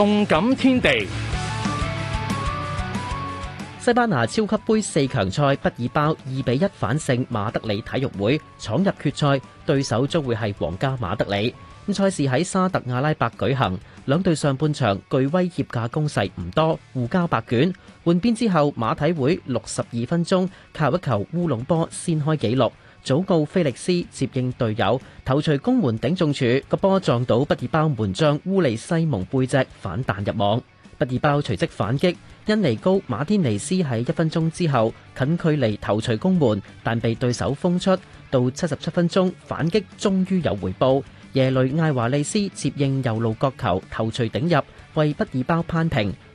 動感天地，西班牙超級盃四強賽，畢爾包二比一反勝馬德里體育會，闖入決賽，對手將會係皇家馬德里。咁賽事喺沙特阿拉伯舉行，兩隊上半場具威脅嘅攻勢唔多，互交白卷。換邊之後，馬體會六十二分鐘靠一球烏龍波先開紀錄。祖告菲力斯接應隊友頭錘攻門頂中柱，個波撞到畢爾包門將烏利西蒙背脊反彈入網。畢爾包隨即反擊，恩尼高馬天尼斯喺一分鐘之後近距離頭錘攻門，但被對手封出。到七十七分鐘反擊終於有回報，耶雷艾華利斯接應右路角球頭槌頂入，為畢爾包攀平。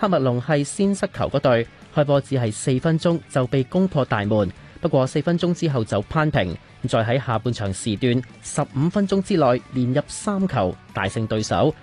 黑密龍係先失球嗰隊，開波只係四分鐘就被攻破大門，不過四分鐘之後就扳平，再喺下半場時段十五分鐘之內連入三球，大勝對手。